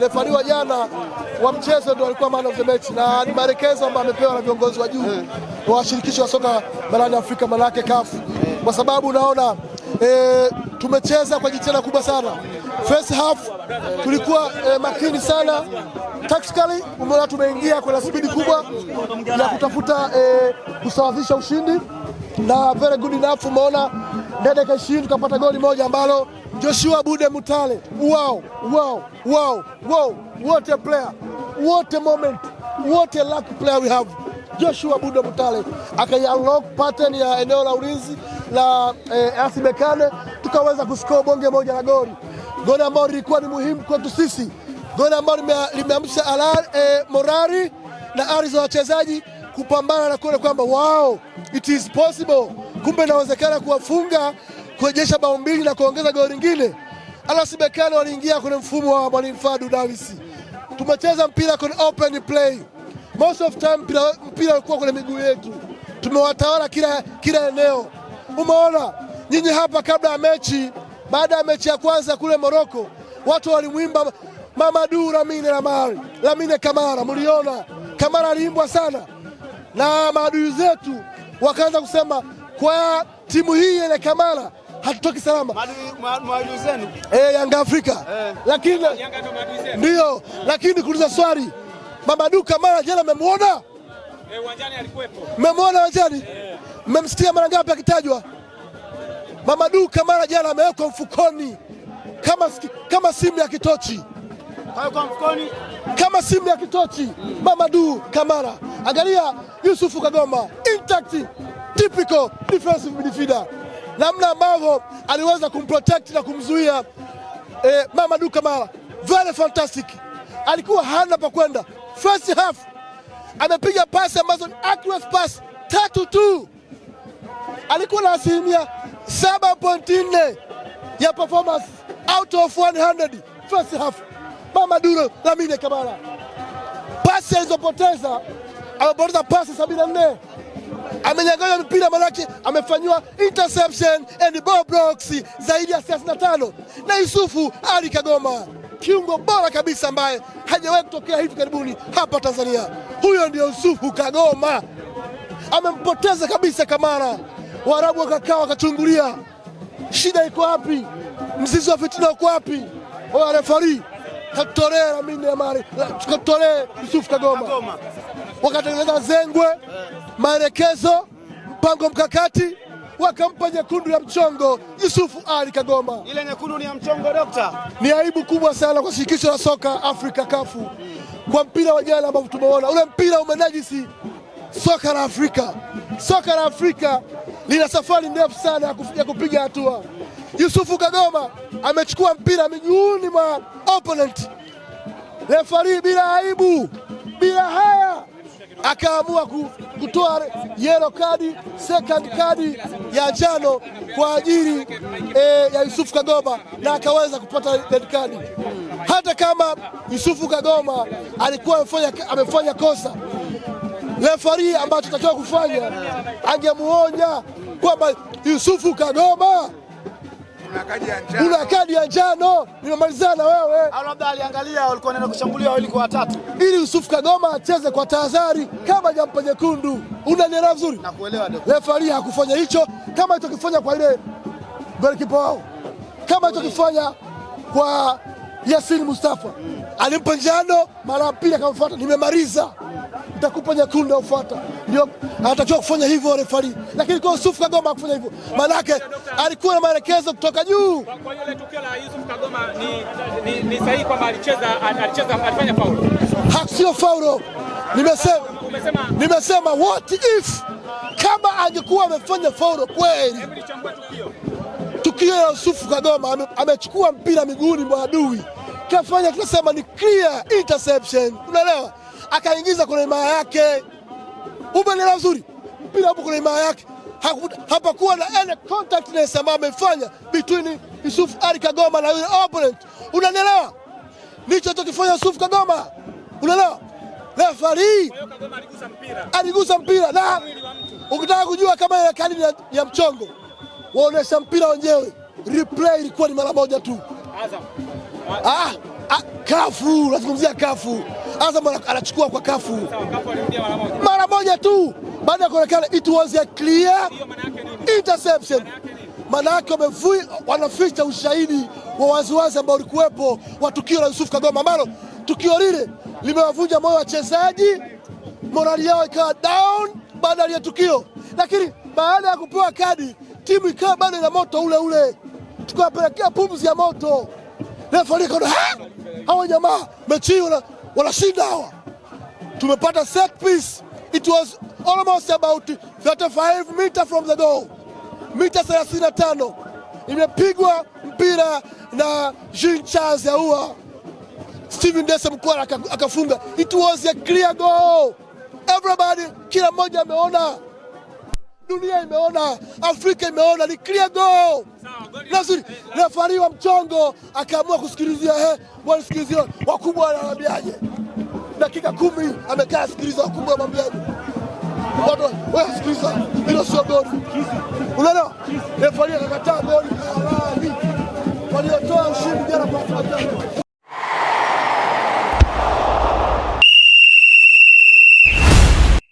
refari jana wa mchezo ndio alikuwa man of the match, na ni maelekezo ambayo amepewa na viongozi wa juu wa washirikisho wa soka barani Afrika, manake kafu, kwa sababu naona e, tumecheza kwa jitihada kubwa sana. First half tulikuwa e, makini sana tactically, umeona tumeingia kwa spidi kubwa ya kutafuta e, kusawazisha ushindi na very good enough, umeona Dede Keshin tukapata goli moja ambalo Joshua Bude Mutale, wow, wow, wow, wow, what a player, what a moment, what a luck player we have. Joshua Bude Mutale akaiunlock pattern ya eneo la ulinzi la eh, Asibekane, tukaweza kuscore bonge moja la goli, goli ambalo lilikuwa ni muhimu kwetu sisi, goli ambalo limeamsha eh, morali na ari za wachezaji kupambana na kuona kwamba wow, it is possible kumbe inawezekana kuwafunga, kurejesha bao mbili na kuongeza goli lingine. RS Berkane waliingia kwenye mfumo wa mwalimu Fadu Davisi, Tumecheza mpira kwenye open play, most of time mpira ulikuwa kwenye miguu yetu, tumewatawala kila, kila eneo. Umeona nyinyi hapa, kabla ya mechi, baada ya mechi ya kwanza kule Moroko, watu walimwimba Mamadu Lamine Lamari, Lamine Kamara. Mliona Kamara aliimbwa sana na maadui zetu, wakaanza kusema kwa timu hii ile Kamala hatutoki salama eh, Yanga Afrika eh. Lakini ndio lakini kuuliza swali Mamadu Kamara, jana mmemuona eh, mmemwona uwanjani, eh. mmemsikia mara ngapi akitajwa? Mamadu Kamara jana amewekwa mfukoni kama, kama simu ya kitochi kama simu ya kitochi Mamadu mm. Kamara. Angalia Yusufu Kagoma intact typical defensive midfielder, namna ambavyo aliweza kumprotect na kumzuia eh, Mamadou Kamara very fantastic. Alikuwa hana pa kwenda, first half amepiga pasi ambazo ni accurate pass tatu tu, alikuwa na asilimia 7.4 ya performance out of 100 first half. Mamadou Lamine Kamara pasi alizopoteza amepoteza pasi 74 amenyang'anywa mpira manake amefanywa interception and ball blocks zaidi ya 35 na Yusufu Ali Kagoma, kiungo bora kabisa ambaye hajawahi kutokea hivi karibuni hapa Tanzania. Huyo ndio Yusufu Kagoma, amempoteza kabisa Kamara. Waarabu wakakaa wakachungulia, shida iko wapi? Mzizi wa fitina uko wapi? refari, katutolee Lamine Yamal, katutolee Yusufu Kagoma, wakatengeneza zengwe eh maelekezo, mpango mkakati, wakampa nyekundu ya mchongo Yusufu Ali Kagoma. Ile nyekundu ni ya mchongo dokta. Ni aibu kubwa sana kwa shirikisho la soka Afrika kafu kwa mpira wa jana ambao tumeona, ule mpira umenajisi soka la Afrika. Soka la Afrika lina safari ndefu sana ya kupiga hatua. Yusufu Kagoma amechukua mpira miguuni mwa opponent, refari bila aibu, bila haya akaamua kutoa yellow kadi, second kadi ya njano kwa ajili e, ya Yusufu Kagoma na akaweza kupata red kadi. Hata kama Yusufu Kagoma alikuwa amefanya, amefanya kosa, refari ambacho takiwa kufanya angemuonya kwamba Yusufu Kagoma una kadi ya njano nimemalizana na wewe. Au labda aliangalia walikuwa wanaenda kushambulia wawili kwa watatu, ili Yusuf Kagoma acheze kwa tahadhari kama jampa nyekundu Unanielewa vizuri? Nakuelewa. Refari hakufanya hicho, kama alichokifanya kwa ile golikipa wao, kama alichokifanya kwa Yasin Mustafa alimpa njano mara pili, akamfuata nimemaliza, nitakupa nyekundu, aufuata ndio anatakiwa kufanya hivyo refari, lakini kwa Yusuf Kagoma hakufanya hivyo, maana yake alikuwa na maelekezo kutoka juu. Kwa hiyo ile tukio la Yusuf Kagoma ni, ni, ni sahihi kwamba alicheza, alicheza, alifanya faulu, sio faulu. Oh. Nimesema, nimesema what if, kama angekuwa amefanya faulu kweli, tukio la Yusuf Kagoma amechukua mpira miguuni mwa adui kafanya, tunasema ni clear interception, unaelewa, akaingiza kwenye maa yake Umeelewa vizuri? Mpira hapo kuna imara yake, hapakuwa na any contactness ambayo amefanya between Yusuf Ali Kagoma na yule opponent. Unanielewa? nicho chokifanya Yusuf Kagoma, unaelewa? Refari aligusa mpira, na ukitaka kujua kama ile kadi ya mchongo, waonesha mpira wenyewe, replay ilikuwa ni mara moja tu. Azam ah, ah kafu, nazungumzia kafu Azam anachukua kwa kafu mara moja tu baada ya kuonekana, it was a clear interception. Maana yake wanaficha ushahidi wa waziwazi ambao ulikuwepo wa tukio la yusuf Kagoma, ambalo tukio lile limewavunja moyo wachezaji, morali yao ikawa down baada ya tukio, lakini baada ya kupewa kadi timu ikawa bado ina moto ule ule, tukawapelekea pumzi ya moto. Refa hawa jamaa mechi wanashinda hawa. Tumepata set piece, it was almost about 35 meter from the goal, mita 35 imepigwa mpira na Jean Charles Ahoua, Steven Dese Mkwara akafunga. It was a clear goal, everybody, kila mmoja ameona, dunia imeona, Afrika imeona, ni clear goal refari wa mchongo akaamua kusikilizia. He, eh, bwana sikilizia, wakubwa wanawaambiaje? Dakika kumi amekaa sikiliza, wakubwa wanamwambiaje? Wewe sikiliza, hilo sio goli. Unaona, Refari akakataa goli halali waliotoa ushindi jana kwa